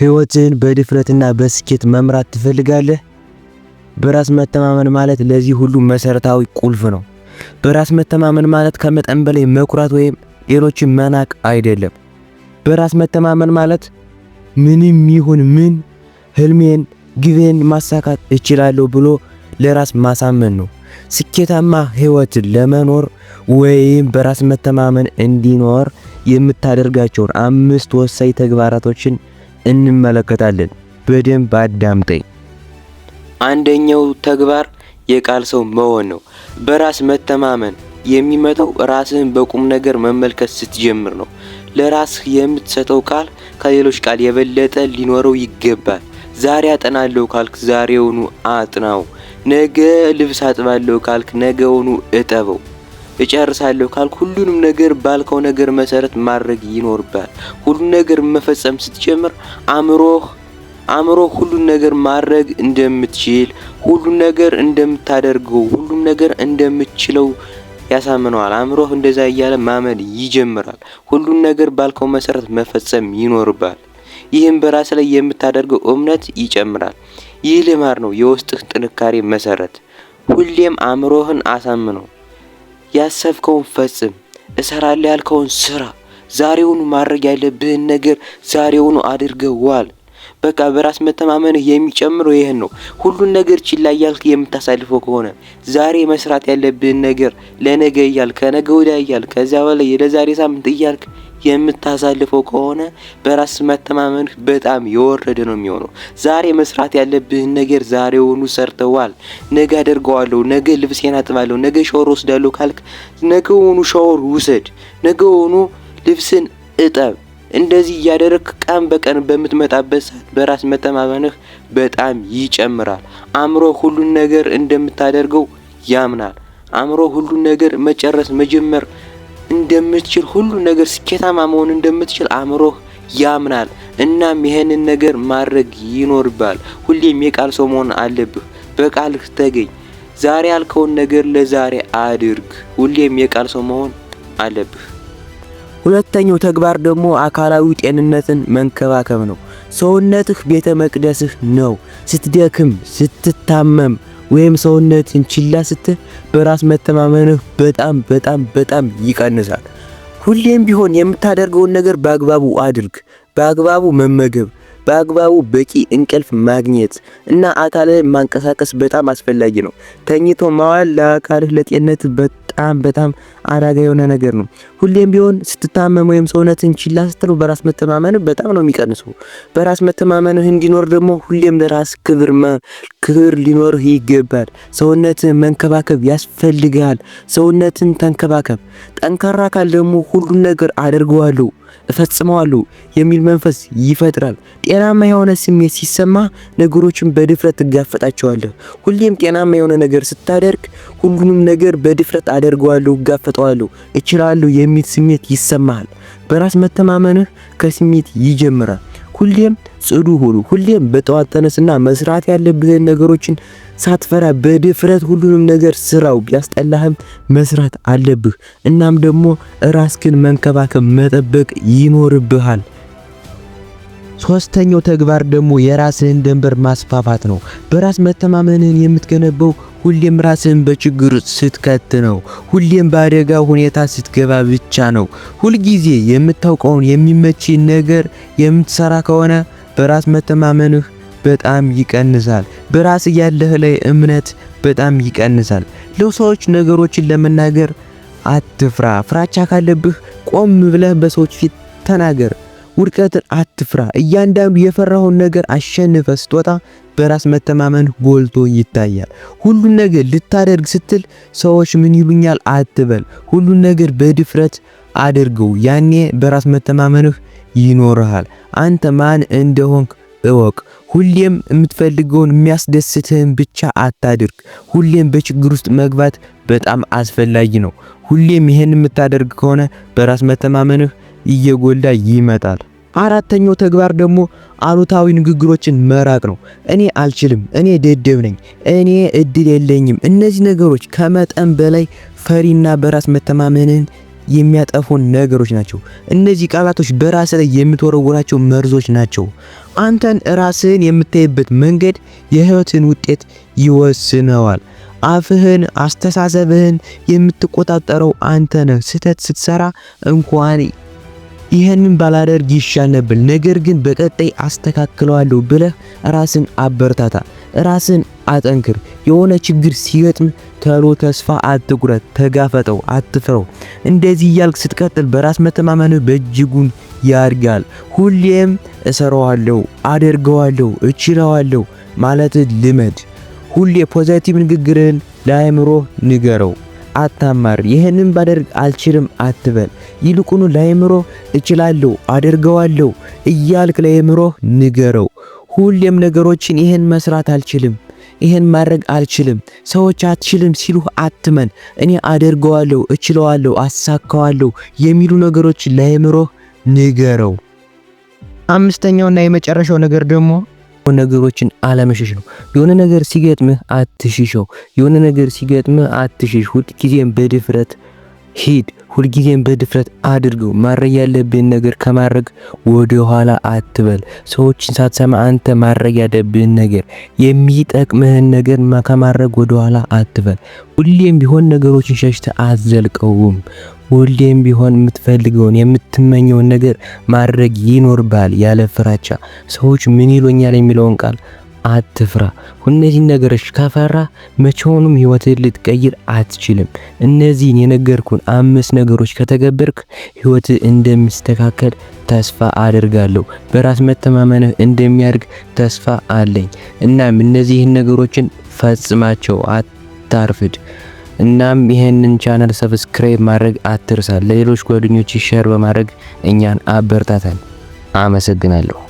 ሕይወትን በድፍረትና በስኬት መምራት ትፈልጋለህ? በራስ መተማመን ማለት ለዚህ ሁሉ መሰረታዊ ቁልፍ ነው። በራስ መተማመን ማለት ከመጠን በላይ መኩራት ወይም ሌሎችን መናቅ አይደለም። በራስ መተማመን ማለት ምንም ይሁን ምን ህልሜን፣ ግቤን ማሳካት እችላለሁ ብሎ ለራስ ማሳመን ነው። ስኬታማ ህይወትን ለመኖር ወይም በራስ መተማመን እንዲኖር የምታደርጋቸውን አምስት ወሳኝ ተግባራቶችን እንመለከታለን። በደንብ አዳምጠኝ። አንደኛው ተግባር የቃል ሰው መሆን ነው። በራስ መተማመን የሚመጣው ራስህን በቁም ነገር መመልከት ስትጀምር ነው። ለራስህ የምትሰጠው ቃል ከሌሎች ቃል የበለጠ ሊኖረው ይገባል። ዛሬ አጠናለሁ ካልክ ዛሬውኑ አጥናው። ነገ ልብስ አጥባለሁ ካልክ ነገውኑ እጠበው። እጨርሳለሁ ካልክ ሁሉንም ነገር ባልከው ነገር መሰረት ማድረግ ይኖርባል። ሁሉን ነገር መፈጸም ስትጀምር አእምሮህ አእምሮ ሁሉን ነገር ማድረግ እንደምትችል ሁሉን ነገር እንደምታደርገው ሁሉም ነገር እንደምትችለው ያሳምነዋል። አእምሮህ እንደዛ እያለ ማመን ይጀምራል። ሁሉን ነገር ባልከው መሰረት መፈጸም ይኖርባል። ይህም በራስ ላይ የምታደርገው እምነት ይጨምራል። ይህ ልማድ ነው የውስጥህ ጥንካሬ መሰረት። ሁሌም አእምሮህን አሳምነው። ያሰብከውን ፈጽም፣ እሰራለሁ ያልከውን ስራ፣ ዛሬውኑ ማድረግ ያለብህን ነገር ዛሬውኑ አድርገዋል። በቃ በራስ መተማመንህ የሚጨምረው ይህን ነው። ሁሉን ነገር ችላ እያልክ የምታሳልፈው ከሆነ ዛሬ መስራት ያለብህን ነገር ለነገ እያልክ ከነገ ወዲያ እያልክ ከዚያ በላይ ለዛሬ ሳምንት እያልክ የምታሳልፈው ከሆነ በራስ መተማመን በጣም የወረደ ነው የሚሆነው። ዛሬ መስራት ያለብህን ነገር ዛሬውኑ ሰርተዋል። ነገ አደርገዋለሁ፣ ነገ ልብሴን አጥባለሁ፣ ነገ ሻወር ወስዳለሁ ካልክ ነገውኑ ሻወር ውሰድ፣ ነገውኑ ልብስን እጠብ። እንደዚህ እያደረግክ ቀን በቀን በምትመጣበት ሰዓት በራስ መተማመንህ በጣም ይጨምራል። አእምሮ ሁሉን ነገር እንደምታደርገው ያምናል። አእምሮ ሁሉን ነገር መጨረስ መጀመር እንደምትችል ሁሉ ነገር ስኬታማ መሆን እንደምትችል አእምሮህ ያምናል። እናም ይህንን ነገር ማድረግ ይኖርባል። ሁሌም የቃል ሰው መሆን አለብህ። በቃልህ ተገኝ። ዛሬ ያልከውን ነገር ለዛሬ አድርግ። ሁሌም የቃል ሰው መሆን አለብህ። ሁለተኛው ተግባር ደግሞ አካላዊ ጤንነትን መንከባከብ ነው። ሰውነትህ ቤተ መቅደስህ ነው። ስትደክም፣ ስትታመም ወይም ሰውነትን ችላ ስትል በራስ መተማመንህ በጣም በጣም በጣም ይቀንሳል። ሁሌም ቢሆን የምታደርገውን ነገር በአግባቡ አድርግ። በአግባቡ መመገብ፣ በአግባቡ በቂ እንቅልፍ ማግኘት እና አካልህን ማንቀሳቀስ በጣም አስፈላጊ ነው። ተኝቶ ማዋል ለአካልህ ለጤነት በጣም በጣም አደጋ የሆነ ነገር ነው። ሁሌም ቢሆን ስትታመም ወይም ሰውነትን ችላ ስትለው በራስ መተማመን በጣም ነው የሚቀንሰው። በራስ መተማመንህ እንዲኖር ደግሞ ሁሌም ለራስ ክብር ክብር ሊኖርህ ይገባል። ሰውነትን መንከባከብ ያስፈልጋል ሰውነትን ተንከባከብ። ጠንካራ አካል ደግሞ ሁሉን ነገር አደርገዋለሁ እፈጽመዋለሁ የሚል መንፈስ ይፈጥራል። ጤናማ የሆነ ስሜት ሲሰማ ነገሮችን በድፍረት ትጋፈጣቸዋለህ። ሁሌም ጤናማ የሆነ ነገር ስታደርግ ሁሉንም ነገር በድፍረት አደርገዋለሁ፣ እጋፈጠዋለሁ፣ እችላለሁ የሚል ስሜት ይሰማሃል። በራስ መተማመንህ ከስሜት ይጀምራል። ሁሌም ጽዱ ሁኑ። ሁሌም በጠዋት ተነስና መስራት ያለብህን ነገሮችን ሳትፈራ በድፍረት ሁሉንም ነገር ስራው። ቢያስጠላህም መስራት አለብህ። እናም ደግሞ ራስክን መንከባከብ መጠበቅ ይኖርብሃል። ሶስተኛው ተግባር ደግሞ የራስህን ድንበር ማስፋፋት ነው። በራስ መተማመንህን የምትገነበው። ሁሌም ራስህን በችግር ስትከት ነው። ሁሌም በአደጋ ሁኔታ ስትገባ ብቻ ነው። ሁልጊዜ የምታውቀውን የሚመች ነገር የምትሰራ ከሆነ በራስ መተማመንህ በጣም ይቀንሳል። በራስ ያለህ ላይ እምነት በጣም ይቀንሳል። ለሰዎች ነገሮችን ለመናገር አትፍራ። ፍራቻ ካለብህ ቆም ብለህ በሰዎች ፊት ተናገር። ውድቀትን አትፍራ። እያንዳንዱ የፈራውን ነገር አሸንፈ ስትወጣ በራስ መተማመን ጎልቶ ይታያል። ሁሉን ነገር ልታደርግ ስትል ሰዎች ምን ይሉኛል አትበል። ሁሉን ነገር በድፍረት አድርገው። ያኔ በራስ መተማመንህ ይኖርሃል። አንተ ማን እንደሆንክ እወቅ። ሁሌም የምትፈልገውን የሚያስደስትህን ብቻ አታድርግ። ሁሌም በችግር ውስጥ መግባት በጣም አስፈላጊ ነው። ሁሌም ይህን የምታደርግ ከሆነ በራስ መተማመንህ እየጎላ ይመጣል። አራተኛው ተግባር ደግሞ አሉታዊ ንግግሮችን መራቅ ነው። እኔ አልችልም፣ እኔ ደደብ ነኝ፣ እኔ እድል የለኝም። እነዚህ ነገሮች ከመጠን በላይ ፈሪና በራስ መተማመንን የሚያጠፉን ነገሮች ናቸው። እነዚህ ቃላቶች በራስ ላይ የምትወረውራቸው መርዞች ናቸው። አንተን ራስህን የምታይበት መንገድ የህይወትን ውጤት ይወስነዋል። አፍህን፣ አስተሳሰብህን የምትቆጣጠረው አንተ ነህ። ስህተት ስትሰራ እንኳን ይህንን ባላደርግ ይሻል ነበር፣ ነገር ግን በቀጣይ አስተካክለዋለሁ ብለህ ራስን አበርታታ፣ ራስን አጠንክር። የሆነ ችግር ሲገጥም ተሎ ተስፋ አትቁረጥ፣ ተጋፈጠው፣ አትፍረው። እንደዚህ እያልክ ስትቀጥል በራስ መተማመንህ በእጅጉን ያድጋል። ሁሌም እሰራዋለሁ፣ አደርገዋለሁ፣ እችለዋለሁ ማለት ልመድ። ሁሌ ፖዘቲቭ ንግግርን ለአእምሮህ ንገረው፣ አታማር። ይህንን ባደርግ አልችልም አትበል። ይልቁኑ ለአእምሮ እችላለሁ፣ አደርገዋለሁ እያልክ ለአእምሮ ንገረው። ሁሌም ነገሮችን ይህን መስራት አልችልም፣ ይህን ማድረግ አልችልም፣ ሰዎች አትችልም ሲሉህ አትመን። እኔ አደርገዋለሁ፣ እችለዋለሁ፣ አሳካዋለሁ የሚሉ ነገሮችን ለአእምሮ ንገረው። አምስተኛውና የመጨረሻው ነገር ደግሞ ነገሮችን አለመሸሽ ነው። የሆነ ነገር ሲገጥምህ አትሽሸው። የሆነ ነገር ሲገጥምህ አትሽሽ። ሁልጊዜም በድፍረት ሂድ፣ ሁልጊዜም በድፍረት አድርገው። ማድረግ ያለብህን ነገር ከማድረግ ወደ ኋላ አትበል። ሰዎችን ሳትሰማ አንተ ማድረግ ያለብህን ነገር፣ የሚጠቅምህን ነገር ከማድረግ ወደ ኋላ አትበል። ሁሌም ቢሆን ነገሮችን ሸሽተ አትዘልቀውም። ሁሌም ቢሆን የምትፈልገውን የምትመኘውን ነገር ማድረግ ይኖርብሃል፣ ያለ ፍራቻ ሰዎች ምን ይሎኛል የሚለውን ቃል አትፍራ። እነዚህን ነገሮች ከፈራ መቼውንም ህይወትን ልትቀይር አትችልም። እነዚህን የነገርኩን አምስት ነገሮች ከተገበርክ ህይወት እንደሚስተካከል ተስፋ አድርጋለሁ። በራስ መተማመንህ እንደሚያድግ ተስፋ አለኝ። እናም እነዚህን ነገሮችን ፈጽማቸው፣ አታርፍድ። እናም ይህንን ቻናል ሰብስክራይብ ማድረግ አትርሳ። ለሌሎች ጓደኞች ሸር በማድረግ እኛን አበርታታን። አመሰግናለሁ።